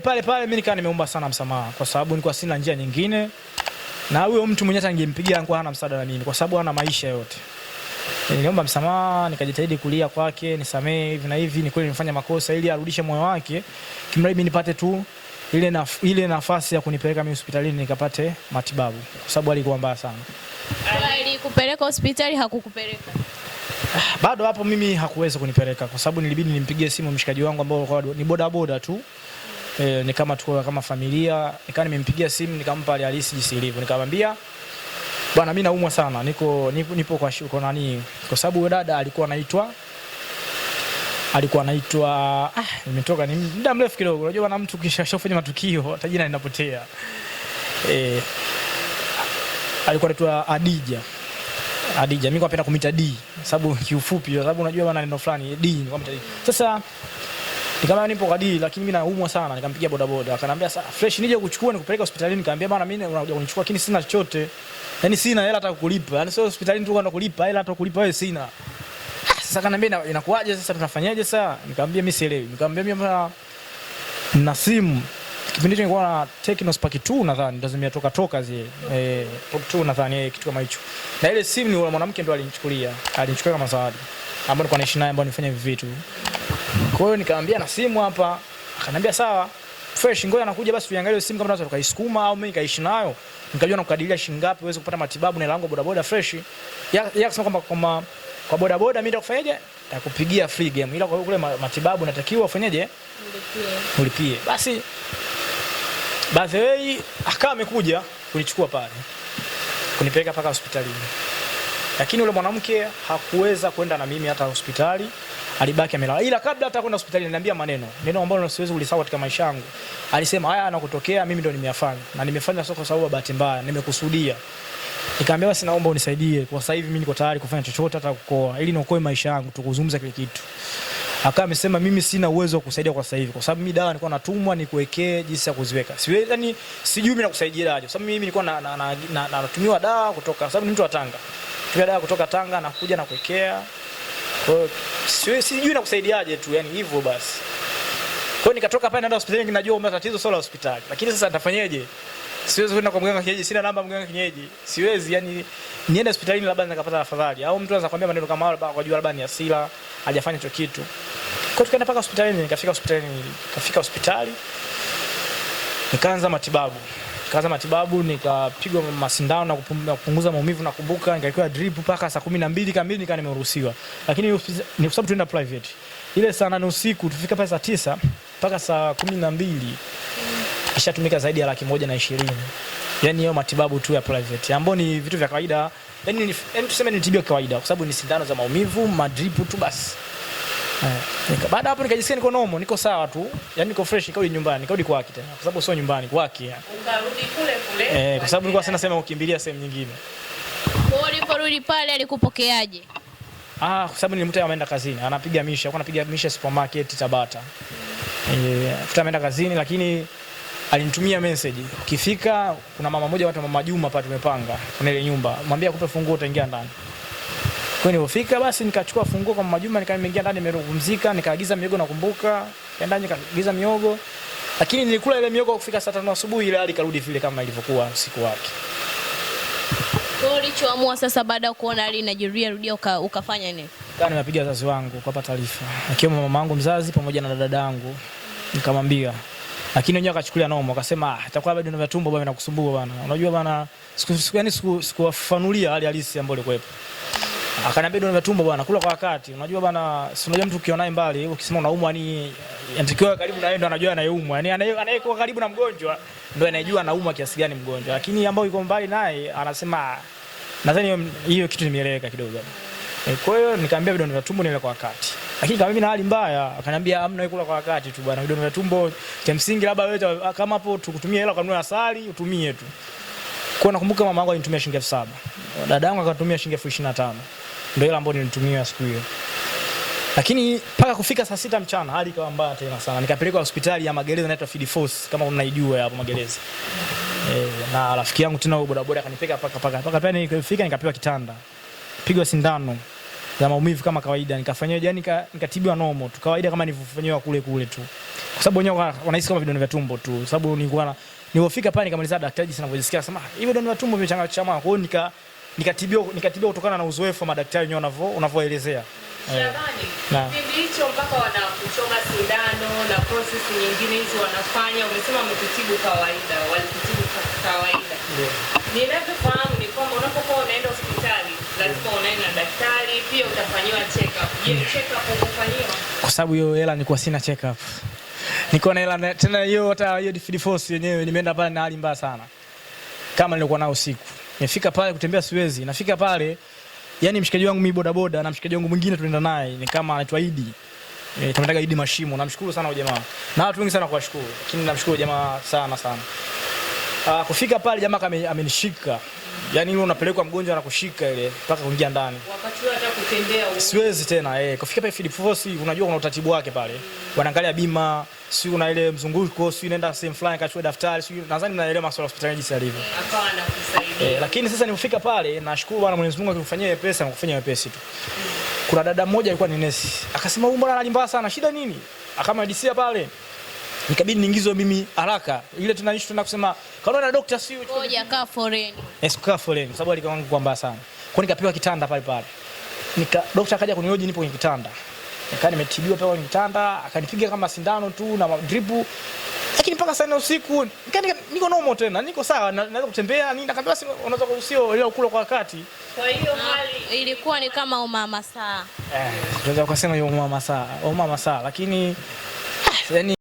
Pale pale mimi nikaa nimeomba sana msamaha kwa sababu nilikuwa sina njia nyingine, na huyo mtu mwenyewe ningempigia angekuwa hana msaada na mimi, kwa sababu hana maisha yote. Niliomba msamaha, nikajitahidi kulia kwake, nisamee hivi na hivi, ni kweli nimefanya makosa, ili arudishe moyo wake, kimradi mimi nipate tu ile, naf ile nafasi ya kunipeleka mimi hospitalini nikapate matibabu, kwa sababu alikuwa mbaya sana. Alikupeleka hospitali, hakukupeleka bado hapo? Mimi hakuweza kunipeleka kwa sababu nilibidi nimpigie simu mshikaji wangu ambao ni boda boda tu E, ni kama tuko kama familia, nikawa nimempigia simu nikampa hali halisi jinsi ilivyo, nikamwambia bwana, mimi naumwa sana, niko nipo, nipo kwa shuko nani, kwa sababu dada alikuwa anaitwa alikuwa anaitwa ah, nimetoka ni muda mrefu kidogo. Unajua bwana, mtu kishafanya matukio hata jina linapotea. Eh, alikuwa anaitwa Adija Adija, mimi napenda kumita D sababu kiufupi, sababu unajua bwana neno fulani D nilikuwa namita D. Sasa Nikamwambia nipo kadiri lakini mimi naumwa sana, nikampigia bodaboda. Akaniambia sasa fresh nije kuchukua nikupeleke hospitalini. Nikamwambia bwana, mimi unakuja kunichukua lakini sina chochote. yani sina hela hata kukulipa. yani sio hospitalini tu kwenda kulipa, hela hata kukulipa wewe sina. Sasa akaniambia inakuaje sasa tunafanyaje sasa? Nikamwambia mimi sielewi. Nikamwambia mimi na simu kipindi hicho nilikuwa na Tecno Spark 2 nadhani ndio zimetoka toka zile eh, Pop 2 nadhani e, kitu kama hicho. Na ile simu ni yule mwanamke ndio alinichukulia, alinichukua kama zawadi ambao nilikuwa naishi naye, ambao nifanye hivi vitu. Kwa hiyo nikamwambia na simu hapa, akaniambia sawa fresh, ngoja nakuja basi tuiangalie simu kama tunaweza tukaisukuma au mimi nikaishi nayo, nikajua na kukadiria shilingi ngapi uweze kupata matibabu na lango boda fresh. Yeye akasema kwamba kwa kwa boda boda mimi nitakufanyaje? Nitakupigia free game. Ila kwa kule matibabu natakiwa ufanyeje? Ulipie. Ulipie. Basi by the way, akaa amekuja kunichukua pale kunipeleka paka hospitalini. Lakini yule mwanamke hakuweza kwenda na mimi hata hospitali, alibaki amelala. Ila kabla hata kwenda hospitali niliambia maneno, neno ambalo siwezi kulisahau katika maisha yangu. Alisema, haya anakutokea, mimi ndo nimeyafanya na nimefanya sio kwa sababu bahati mbaya, nimekusudia. Nikamwambia basi, naomba unisaidie kwa sasa hivi, mimi niko tayari kufanya chochote, hata kukoa, ili niokoe maisha yangu, tukuzungumza kile kitu. Akawa amesema mimi sina uwezo wa kusaidia kwa sasa hivi, kwa sababu mimi dawa nilikuwa natumwa nikuwekee jinsi ya kuziweka. si yani sijui mimi nakusaidia aje, kwa sababu mimi nilikuwa na, na, na, na, natumiwa dawa kutoka, kwa sababu ni mtu wa Tanga, tumia dawa kutoka Tanga nakuja na kuwekea, kwa hiyo siwezi, sijui nakusaidiaje tu, yani hivyo basi. Kwa hiyo nikatoka pale naenda hospitali, ninajua kwamba tatizo sio la hospitali, lakini sasa nitafanyaje? Siwezi kwenda kwa mganga kienyeji, sina namba mganga kienyeji, siwezi yani niende hospitalini, labda nikapata afadhali, au mtu anaweza kuambia maneno kama hayo, labda kwa jua labda ni asila hajafanya hicho kitu. Kwa tukaenda paka hospitalini, nikafika hospitalini, nikafika hospitali nikaanza matibabu nikaanza matibabu nikapigwa masindano na kupunguza maumivu. Nakumbuka nikawekewa drip paka saa 12 kamili nikaa nimeruhusiwa, lakini ni kwa sababu tuenda private. Ile saa nane usiku tufika pale saa tisa paka saa 12 na mbili ishatumika zaidi ya laki moja na ishirini yani hiyo matibabu tu ya private, ambao ni vitu vya kawaida yani yaani tuseme ni tibio kawaida, kwa sababu ni sindano za maumivu madrip tu basi. Eh, Baada hapo nikajisikia niko normal, niko sawa tu, Yaani niko fresh, nikarudi nyumbani, nikarudi kwake tena, kwa sababu sio nyumbani kwake, ungarudi kule kule, eh, kwa sababu nilikuwa sina sema ukimbilia sehemu nyingine. Kwa hiyo uliporudi pale alikupokeaje? Ah, kwa sababu nilimkuta ameenda kazini, anapiga misha, alikuwa anapiga misha supermarket Tabata. Eh, ameenda kazini lakini alinitumia message, kifika, kuna mama moja watu mama Juma hapa tumepanga kuna ile nyumba, mwambie akupe funguo utaingia ndani. Kwa hiyo nilifika basi nikachukua funguo kwa mama Juma, nikaingia ndani, nimerumzika, nikaagiza miogo, nakumbuka kaenda nikaagiza miogo, lakini nilikula ile miogo kufika saa tano asubuhi, ile hali karudi vile kama ilivyokuwa siku yake. Kwa ulichoamua sasa baada ya kuona hali inajirudia rudia uka, ukafanya nini? Kwa nimepiga wazazi wangu kuwapa taarifa, akiwemo mama yangu mzazi pamoja na dada yangu, nikamwambia lakini wenyewe akachukulia noma, akasema ah, itakuwa bado na tumbo bwana, inakusumbua bwana. Unajua bwana, siku siku yani siku sikuwafanulia hali halisi ambayo ilikuwepo. Akaniambia ndio na tumbo bwana, kula kwa wakati. Unajua bwana, si unajua mtu ukiona naye mbali, ukisema unaumwa ni anatakiwa karibu na yeye ndo anajua anayeumwa. Yani anayekuwa karibu na mgonjwa ndo anajua anaumwa kiasi gani mgonjwa. Lakini ambao yuko mbali naye anasema ah, nadhani hiyo kitu nimeeleweka kidogo. Eh, kwa hiyo nikaambia vidonda vya tumbo nile kwa wakati. Lakini kama mimi na hali mbaya, akaniambia amna kula kwa wakati tu bwana, vidonda vya tumbo cha msingi, labda wewe kama hapo tukutumie hela kwa nuna asali utumie tu. Kwa nakumbuka mama yangu alinitumia shilingi elfu saba. Dada yangu akatumia shilingi elfu ishirini na tano. Ndio hela ambayo nilitumia siku hiyo. Lakini mpaka kufika saa sita mchana hali ikawa mbaya tena sana. Nikapelekwa hospitali ya Magereza inaitwa Field Force kama unaijua hapo Magereza. e, na rafiki yangu tena huyo bodaboda akanipeka paka paka. Paka pia nikafika nikapewa kitanda. Pigwa sindano ya maumivu kama kawaida, nikafanywa yani nikatibiwa normal tu kawaida kama nilivyofanywa kule kule tu, kwa sababu wenyewe wanahisi kama vidonda vya tumbo tu, kwa sababu nilikuwa na nilipofika pale nikamaliza daktari jinsi anavyojisikia sema ah, hivi vidonda vya tumbo vimechangamka. Kwa hiyo nika nikatibiwa nikatibiwa kutokana na uzoefu wa madaktari wenyewe wanavyo wanavyoelezea eh. kipindi hicho mpaka wanakuchoma sindano na process nyingine hizo wanafanya. Umesema wamekutibu kawaida, walikutibu kawaida. Ninavyofahamu ni kwamba unapokuwa unaenda hospitali lazima unaenda daktari, pia utafanyiwa check up. Je, check up umefanyiwa? Kwa sababu hiyo hela nilikuwa sina check up. Niko na hela tena hiyo hata hiyo field force yenyewe nimeenda pale na hali mbaya sana. Kama nilikuwa nao usiku. Nifika pale kutembea siwezi. Nafika pale yani mshikaji wangu mimi boda boda na mshikaji wangu mwingine tunaenda naye ni kama anaitwa Idi. E, eh, tumetaga Idi Mashimo. Namshukuru sana huyo jamaa. Na watu wengi sana kuwashukuru. Lakini namshukuru jamaa sana sana. Ah, kufika pale jamaa amenishika. Yaani yule unapelekwa mgonjwa anakushika ile mpaka kuingia ndani. Wakati hata kutembea siwezi tena eh. Kufika pale Philip Force unajua kuna utaratibu wake pale. Wanaangalia bima, si una ile mzunguko, si unaenda same fulani kachukua daftari, si nadhani unaelewa masuala ya hospitali jinsi yalivyo. Hapana eh, kusaidia. Eh, lakini sasa nilifika pale nashukuru Bwana Mwenyezi Mungu akifanyia wepesi na kufanya wepesi tu. Kuna dada mmoja alikuwa ni nesi. Akasema huyu mbona analimba sana, shida nini? Akamhadisia pale nikabidi niingizwe mimi haraka ile tunaishi tuna kusema kaona dokta si ngoja ka foreign. yes eh, ka foreign sababu alikuwa wangu kwamba sana kwa nikapewa kitanda pale pale nika dokta akaja kunihoji nipo kwenye kitanda Nika nimetibiwa pale kwenye kitanda akanipiga kama sindano tu na drip lakini mpaka sana usiku nika niko normal tena niko sawa naweza kutembea nini nikaambiwa si unaweza kuruhusiwa ile kula kwa wakati kwa hiyo hali ilikuwa ni kama umama saa eh tunaweza kusema hiyo umama saa umama saa lakini ah, yani